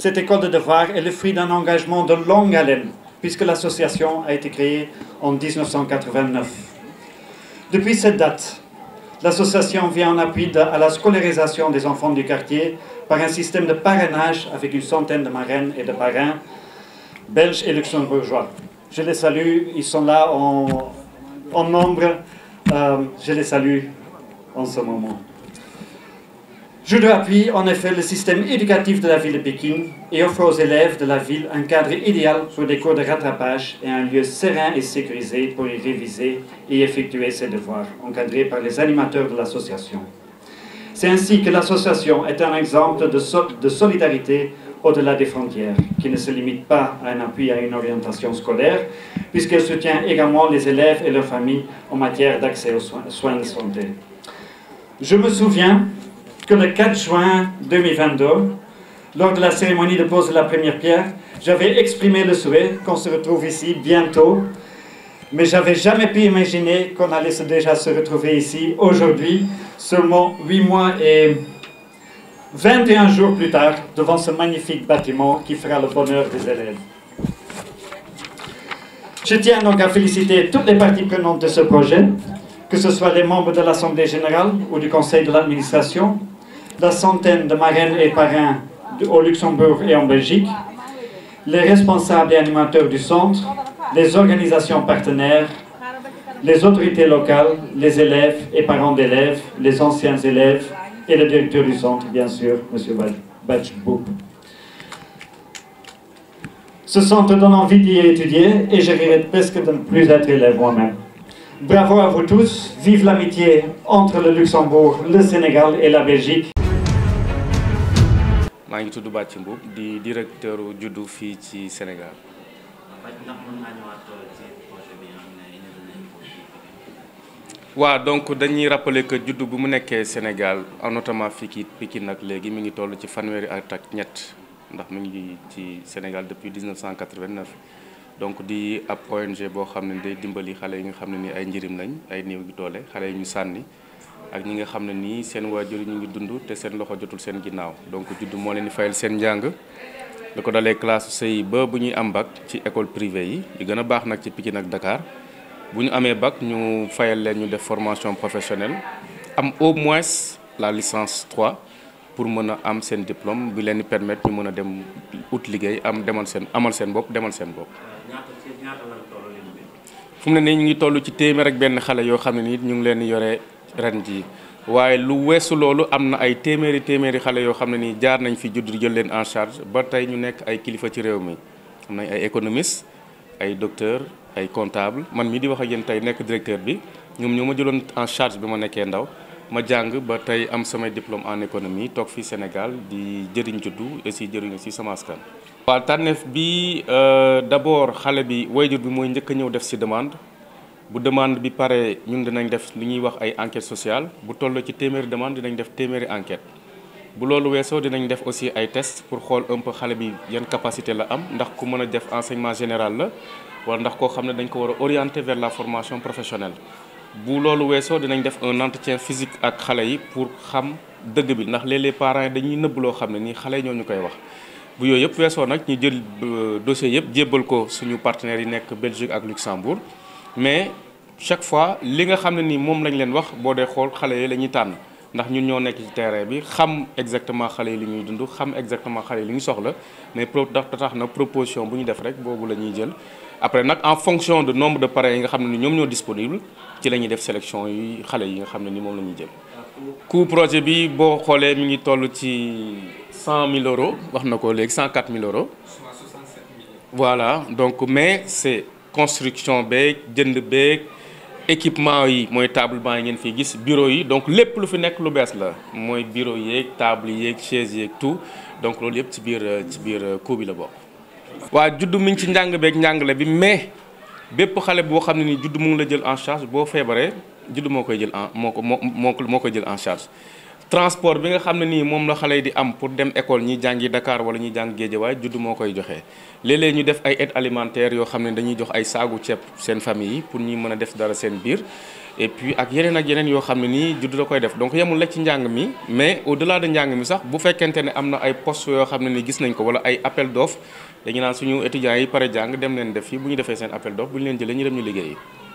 Cette école de devoir est le fruit d'un engagement de longue haleine, puisque l'association a été créée en 1989. Depuis cette date, l'association vient en appui à la scolarisation des enfants du quartier par un système de parrainage avec une centaine de marraines et de parrains belges et luxembourgeois. Je les salue, ils sont là en, nombre. Euh, je les salue en ce moment. Je dois appuyer en effet le système éducatif de la ville de Pékin et offre aux élèves de la ville un cadre idéal pour des cours de rattrapage et un lieu serein et sécurisé pour y réviser et effectuer ses devoirs, encadrés par les animateurs de l'association. C'est ainsi que l'association est un exemple de, de solidarité au-delà des frontières, qui ne se limite pas à un appui à une orientation scolaire, puisqu'elle soutient également les élèves et leurs familles en matière d'accès aux soins de santé. Je me souviens que le 4 juin 2022, lors de la cérémonie de pose de la première pierre, j'avais exprimé le souhait qu'on se retrouve ici bientôt, mais j'avais jamais pu imaginer qu'on allait déjà se retrouver ici aujourd'hui, seulement 8 mois et 21 jours plus tard, devant ce magnifique bâtiment qui fera le bonheur des élèves. Je tiens donc à féliciter toutes les parties prenantes de ce projet, que ce soit les membres de l'Assemblée générale ou du Conseil de l'administration, la centaine de marraines et parrains au Luxembourg et en Belgique, les responsables et animateurs du centre, les organisations partenaires, les autorités locales, les élèves et parents d'élèves, les anciens élèves et le directeur du centre, bien sûr, Monsieur Batchboop. Ce centre donne envie d'y étudier et je regrette presque de ne plus être élève moi-même. Bravo à vous tous, vive l'amitié entre le Luxembourg, le Sénégal et la Belgique. maa ngi tudd Bathie Mboup di directeur juddu fii ci Sénégal. waa donc dañuy rappeler que juddu bi mu nekkee Sénégal notamment fii ci Pikine nag léegi mi ngi toll ci fanweeri at ak ñett ndax mu ngi ci Sénégal depuis cent 1989 donc di ab ONG boo xam ne day dimbali xale yi nga xam ne ni ay njërim lañ ay néew gi doole xale yi ñu sànni. ak ñi nga xam ne nii seen waajur ñu ngi dund te seen loxo jotul seen ginnaaw donc juddu moo leen di fayal seen njàng. lu ko dalee classe CI ba bu ñuy am bac ci école privée yi yu gën a baax nag ci Pikine ak Dakar bu ñu amee bac ñu fayal leen ñu def formation professionnelle am au moins la licence 3 pour mën a am seen diplôme bi leen di permettre ñu mën a dem ut liggéey am demal seen amal seen bopp demal seen bopp. fu mu ne nii ñu ngi toll ci téeméer ak benn xale yoo xam ne nii ñu ngi leen di yore. ren jii waaye lu weesu loolu am na ay téeméeri téeméeri xale yoo xam ne nii jaar nañ fi judd jël leen en charge ba tey ñu nekk ay kilifa ci réew mi am nañ ay économistes ay docteurs ay comptables man mii di wax ak yéen tey nekk directeur bi ñoom ñoo ma jëloon en charge bi ma nekkee ndaw ma jàng ba tey am samay diplôme en économie toog fii Sénégal di jëriñ juddu si jëriñ aussi sama askan. waaw tànneef bi euh, d'abord xale bi jur bi mooy njëkk a ñëw def si demande. bu demande bi paree ñun dinañ def li ñuy wax ay enquête sociale bu toll ci téeméeri demande dinañ def téeméeri enquête bu loolu weesoo dinañ def aussi ay test pour xool un peu xale bi yan capacité la am ndax ku mën a def enseignement général la wala ndax koo xam ne dañ ko war a orienter vers la formation professionnelle bu loolu weesoo dinañ def un entretien physique ak xale yi pour xam dëgg bi ndax léeg-léeg parents yi dañuy nëbb loo xam ne nii xale ñoo ñu koy wax bu yooyu yëpp weesoo nag ñu jël euh, dossier yëpp jébbal ko suñu partenaires yi nekk Belgique ak Luxembourg mais chaque fois li nga xam ne ni moom lañ leen wax bo dee xol xalé yi la ñuy tànn ndax ñun ñoo nekk ci terrain bi xam exactement xalé yi li ñuy dund xam exactement xalé yi li ñu soxla mais pro tax na proposition bu ñu def rek bobu la ñuy jël. après nak en fonction de nombre de parrains yi nga xam ñom ni ñoo disponible ci la ñuy def sélection yi xalé yi nga xam ne ni moom la jël. coût projet bi bo xolé mi ngi tollu ci 100000 mille euros wax na ko léegi cent euros. voilà donc mais c'est construction jënd équipement yi moy table les ngeen fi gis bureau yi donc les lu fi nek lu bureau table chaise tout donc le euh, la bok wa judd bi mais les xalé bo xamni en charge en charge. transport bi nga xam ne nii moom la xale yi di am pour dem école ñiy jàngi Dakar wala ñuy jàng Géejawaay judd moo koy joxee léeg-léeg ñu def ay aide alimentaire yoo xam ne dañuy jox ay saagu ceeb seen famille yi pour mën a def dara seen biir et ak yeneen ak yeneen yoo xam ne nii judd la koy def donc yemul la ci njàng mi mais au delà de njàng mi sax bu fekkente ne am na ay post yoo xam ne nii gis nañ ko wala ay appel d'offre dañu naan suñu étudiants yi pare jàng dem leen def fii bu ñu defee seen appel d'offre bu ñu leen jëlee ñu dem ñu liggéeyi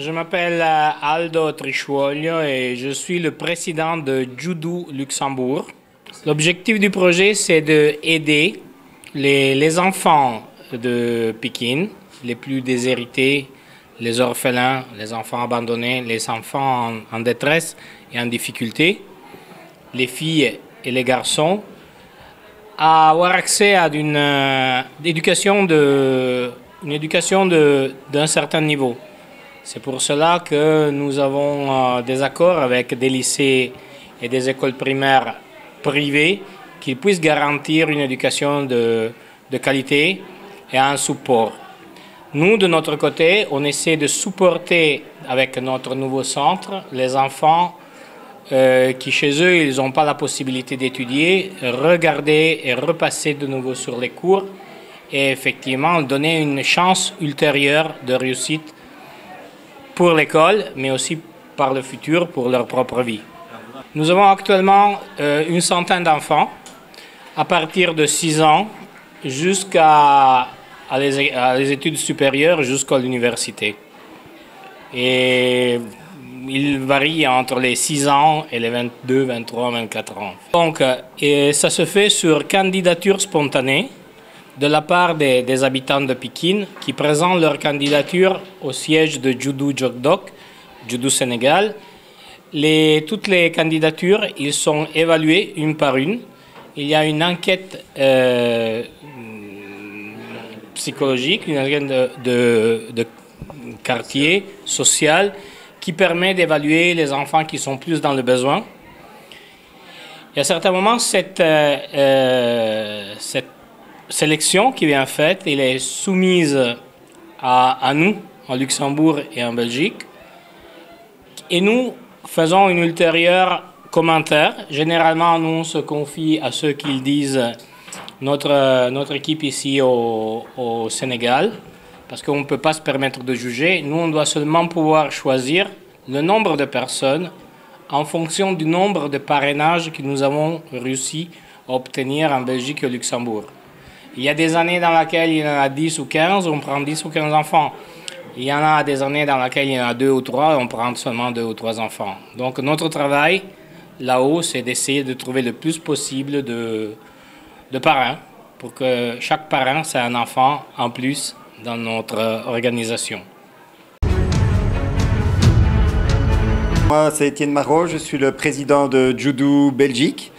Je m'appelle euh, Aldo Trichuoglio et je suis le président de Judo Luxembourg. L'objectif du projet, c'est d'aider les, les enfants de Pékin, les plus déshérités, les orphelins, les enfants abandonnés, les enfants en, détresse et en difficulté, les filles et les garçons, à avoir accès à euh, éducation une éducation d'un certain niveau. C'est pour cela que nous avons euh, des accords avec des lycées et des écoles primaires privées qui puissent garantir une éducation de, qualité et un support. Nous, de notre côté, on essaie de supporter avec notre nouveau centre les enfants euh, qui, chez eux, ils n'ont pas la possibilité d'étudier, regarder et repasser de nouveau sur les cours et effectivement donner une chance ultérieure de réussite pour l'école, mais aussi par le futur, pour leur propre vie. Nous avons actuellement euh, une centaine d'enfants à partir de 6 ans jusqu'à à les, études supérieures, jusqu'à l'université. Et il varie entre les 6 ans et les 22, 23, 24 ans. Donc, euh, et ça se fait sur candidature spontanée de la part des, habitants de Pékin qui présentent leur candidature au siège de Judo Jogdok, Judo Sénégal. toutes les candidatures, ils sont évaluées une par une. Il y a une enquête euh, psychologique, une enquête de, quartier social qui permet d'évaluer les enfants qui sont plus dans le besoin. Et à certains moments, cette euh, euh, sélection qui vient faite, elle est soumise à, nous, en Luxembourg et en Belgique. Et nous faisons une ultérieure commentaire. Généralement, nous, on se confie à ceux qu'ils disent notre, notre équipe ici au, au Sénégal, parce qu'on ne peut pas se permettre de juger. Nous, on doit seulement pouvoir choisir le nombre de personnes en fonction du nombre de parrainages que nous avons réussi à obtenir en Belgique et au Luxembourg. Il y a des années dans lesquelles il y en a 10 ou 15, on prend 10 ou 15 enfants. Il y en a des années dans lesquelles il y en a 2 ou 3, on prend seulement 2 ou 3 enfants. Donc notre travail là-haut, c'est d'essayer de trouver le plus possible de, de pour que chaque parent c'est un enfant en plus dans notre organisation. Moi, c'est Étienne Marot, je suis le président de Judo Belgique.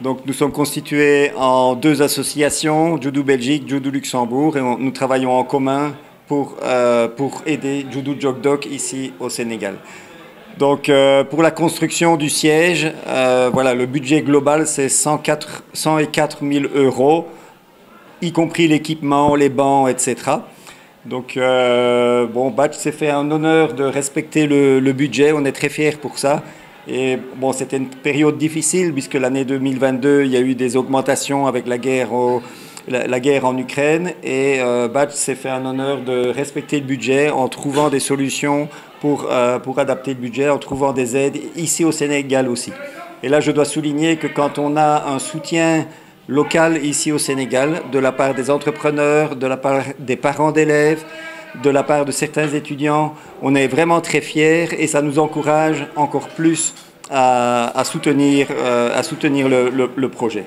Donc nous sommes constitués en deux associations, Judo Belgique, Judo Luxembourg, et nous travaillons en commun pour, euh, pour aider Judo Jogdoc ici au Sénégal. Donc euh, pour la construction du siège, euh, voilà, le budget global c'est 104, 104 000 euros, y compris l'équipement, les bancs, etc. Donc bon, Batch s'est fait un honneur de respecter le, le budget, on est très fiers pour ça. Et bon, c'était une période difficile puisque l'année 2022, il y a eu des augmentations avec la guerre, la, guerre en Ukraine. Et euh, Batch s'est fait un honneur de respecter le budget en trouvant des solutions pour, euh, pour adapter le budget, en trouvant des aides ici au Sénégal aussi. Et là, je dois souligner que quand on a un soutien local ici au Sénégal, de la part des entrepreneurs, de la part des parents d'élèves, de la part de certains étudiants. On est vraiment très fiers et ça nous encourage encore plus à, euh, soutenir, le projet.